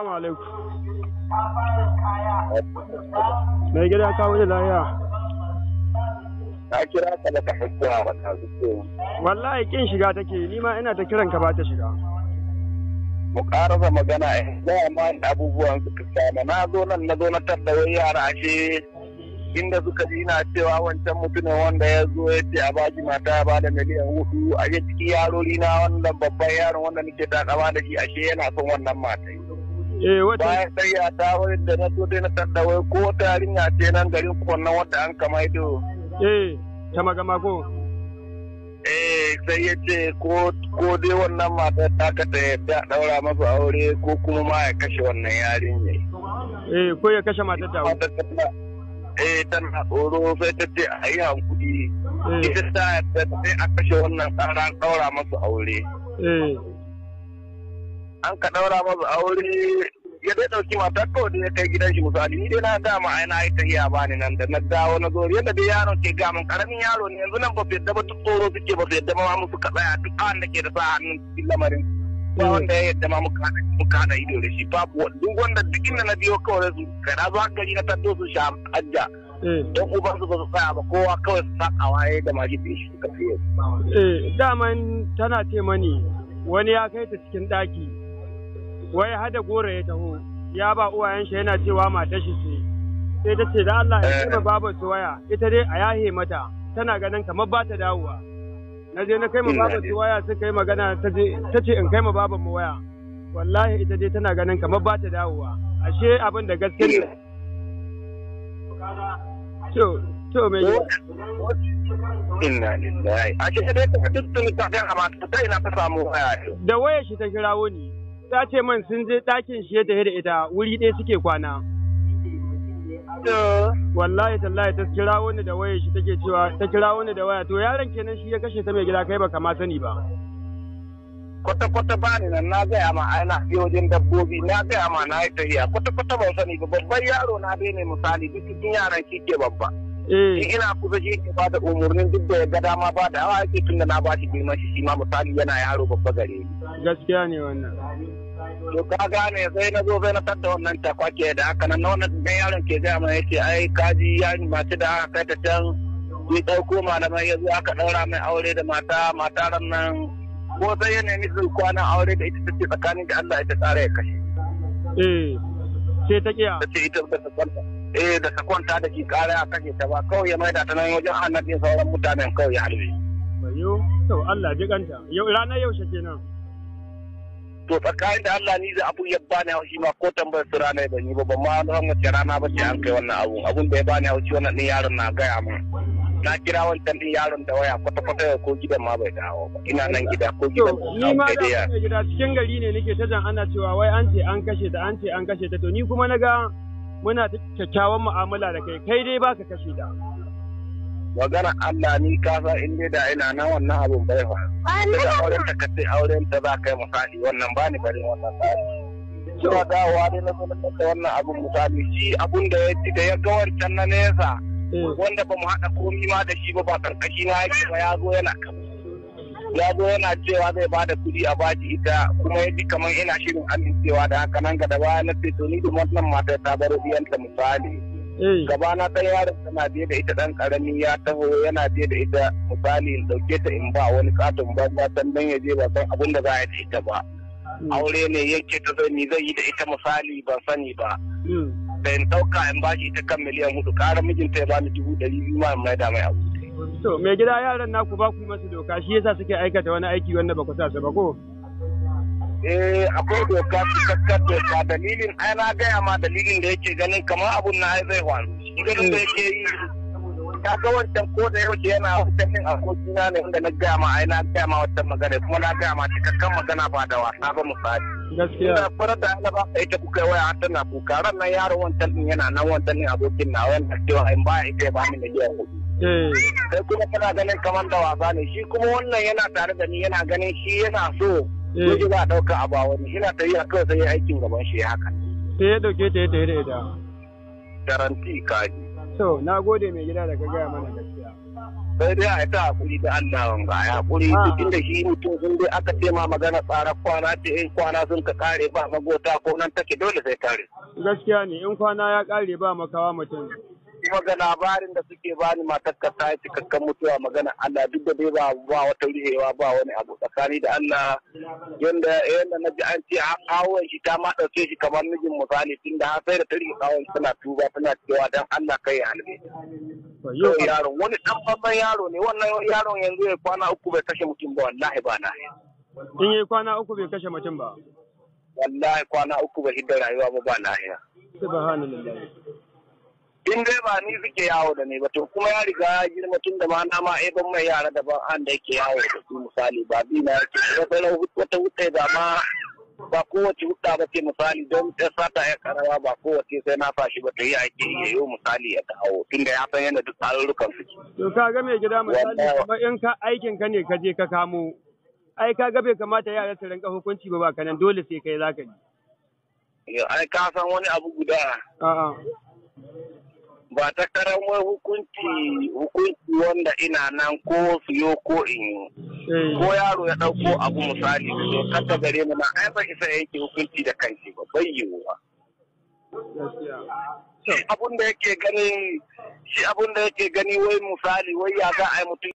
Assalamu alaikum. Mai gida kawo da lahiya. Na kira ka da ka hakiya wata zuke. Wallahi kin shiga take ni ma ina ta kiran ka ba ta shiga. Mu ƙarasa magana eh da ma abubuwan suka samu na zo nan na zo na tattawar yara ashe inda suka ji na cewa wancan mutumin wanda ya zo ya ce a baji mata ya bada miliyan hudu a ciki, yarori na wannan babban yaron wanda nake ta da shi ashe yana son wannan matai. Eh, bayan tsaya ta wurin da na so dai na ko ta yarinya ce nan garin kwanan wanda an kama ido eh ta magama ko eh sai ya ce ko dai wannan matar ta ka ta yadda daura masa aure ko kuma ma ya kashe wannan yarinya eh ko ya kashe matar ta eh tana tsoro sai ta ce a yi hankuli eh. ita ta yadda sai a kashe wannan tsara daura masa aure eh an ka daura masu aure ya dai ɗauki mata da ya kai gidan shi misali ni dai na dama ai na yi tahiya ba ni nan da na dawo na zo yadda dai yaron ke ga mun karamin yaro ne yanzu nan ba su yadda ba duk tsoro suke ba su yadda ma musu ka tsaya duk an da ke da sa hannun cikin lamarin ba mm. wanda ya yadda ma muka haɗa ido da shi babu duk wanda duk inda na biyo kawai su kada zo hankali na taddo su sha hajja mm. don uban su ba su tsaya ba kowa kawai su saka waye da shi da shi suka fiye. Eh, daman tana ce mani wani ya kai ta cikin daki. wai hada gora ya taho ya ba uwayen shi yana cewa matar shi ce sai ta ce da Allah ya kai eh. babu su waya ita dai a yahe mata tana ganin kamar ba ta dawowa na je na kai ma babu su waya suka kai magana ta ce in kai ma babu mu waya wallahi ita dai tana ganin kamar ba ta dawowa ashe abin da gaske ne to to me inna lillahi ashe dai ta duk tun ta amma ta ina ta samu waya da waya shi ta kirawo ni ta ce man sun je ɗakin shi da da ita wuri ɗaya suke kwana. Wallahi tallahi ta kira wani da waya shi take cewa ta kira wani da waya to yaron kenan shi ya kashe ta mai gida kai baka ma sani ba. Kwata kwata ba ni nan na gaya ma a na biyo wajen dabbobi na gaya ma na yi tafiya kwata kwata ban sani ba babban yaro na dai ne misali duk cikin yaran shi ke babba. Eh. Shi ina kusa shi ke ba da umarnin duk da ya ga dama ba da hawa yake tun da na ba shi girman shi shi ma misali yana yaro babba gare ni. Gaskiya ne wannan. to ka gane sai na zo sai na tatta wannan takwake da haka nan na wannan dan yaron ke ga mai yace ai kaji ya yi mace da aka kai ta can ni dauko malamai yanzu aka daura mai aure da mata mata ran nan ko sai ya nemi su kwana aure da ita take tsakanin da Allah ita tsara ya kashe eh sai ta kiya ta ce ita ta sakwanta eh da sakwanta da ki kare a kashe ta ba kawai ya mai da ta nan wajen annabi sauran mutanen kawai ya halbe bayo to Allah ji kanta yau ranar yau shi kenan to tsakanin da Allah ni za abu ya bani haushi ma ko tambayar su rana ban yi ba ban ma san wace rana ba ce an kai wannan abun abun da ya bani haushi wannan din yaron na gaya min na kira wancan din yaron da waya kwata kwata ko gidan ma bai dawo ba ina nan gida ko gidan ni ma da gida cikin gari ne nake ta jan ana cewa wai an ce an kashe ta an ce an kashe ta to ni kuma na ga muna kyakkyawan mu'amala da kai kai dai baka kashe ta magana Allah ni ka san in dai da ina na wannan abun bai fa da auren ta kace auren ta za kai misali wannan bani bari wannan tsari cewa da wani na sanar da wannan abun misali shi abun da ya ci da ya ga wancan na nesa hmm. wanda ba mu haɗa komi ma da shi ba ba karkashi na yake ba ya zo yana ya zo yana cewa zai ba da kuɗi a baji ita kuma ya ji kamar ina shirin amincewa da haka nan ga da na ce to ni da wannan matar ta bar ta misali Mm. gaba na ɗan yaron tana biye da ita dan karami ya taho yana biye da ita misali in ɗauke ta in ba wani katon banza dan ya je ba san abin da za a da ita ba mm. aure ne yake ta ni zai yi da ita misali ban sani ba mm. da in ɗauka in ba shi ita kan miliyan hudu ƙara mijinta ya ba ni dubu ɗari biyu ma in da mai abu. to mai gida yaran naku ba ku masu doka shi yasa suke aikata wani aiki wanda ba ku sa ba ko. eh akwai doka cikakkar doka dalilin ai na gaya ma dalilin da yake ganin kamar abun na ai zai wani ganin da yake yi ka ga wancan ko da yauke yana wancan abokina ne inda na gaya ma ai na gaya ma wancan magana kuma na gaya ma cikakken magana ba da wasa ba misali gaskiya ina fara da Allah ba sai ta kuka waya har tana kuka ran nan yaro wancan din yana nan wancan din abokin na wanda cewa in ba ita ba ni da jiya eh. kai kuma kana ganin kamar da wasa ne shi kuma wannan yana tare da ni yana ganin shi yana so Yake eh. ba ɗaukar abu a wani ina ta yi a kawai sai aikin gaban shi ya haka. Sai ya ɗauke ta ya da ita. Garanti kaji. na gode mai gida da ka gaya mana gaskiya. sai dai a yi ta da Allah wanga a hakuri ah. duk inda shi mutum sun dai aka ce ma magana tsara kwana ta in kwana sun ka kare ba magota ko nan take dole sai kare. Gaskiya ne in kwana ya kare ba makawa mutum. kuma ga labarin da suke bani matar ka ta cikakken mutuwa magana Allah duk da dai ba ba wata rihewa ba wani abu tsakani da Allah yanda yanda na ji an ce awon shi ta ma dauke shi kamar mijin misali tun da sai da ta rike suna tana tuba tana cewa dan Allah kai halbe yau yaron wani dan babban yaro ne wannan yaron yanzu ya kwana uku bai kashe mutum ba wallahi ba na in ya kwana uku bai kashe mutum ba wallahi kwana uku bai hidda rayuwa ba ba lahiya subhanallahi in dai ba ni suke yawo da ne ba to kuma ya riga ya girma tun da ma na ma ban mai yara da ban an da yake yawo da su misali ba bi na yake wata wuce da ma ba kowace hudda ba ce misali don ta sata ya karawa ba kowace sai na fashi ba ta yi ake yi yau misali ya kawo tun da ya san yadda duk tsarurrukan su. To ka ga mai gida misali kuma in ka aikin ka ne ka je ka kamo ai ka ga bai kamata yara su rinka hukunci ba ba kanan dole sai kai zaka yi Ai ka san wani abu guda. A'a. ba ta karamar hukunci hukunci wanda ina nan ko siyo ko in yi eh. ko yaro ya ɗauko abu misali da kasa gare mu na ai ba isa yanke hukunci da kanshi ba bai shi abun da yake gani shi abun da yake gani wai misali wai ya ga ai mutum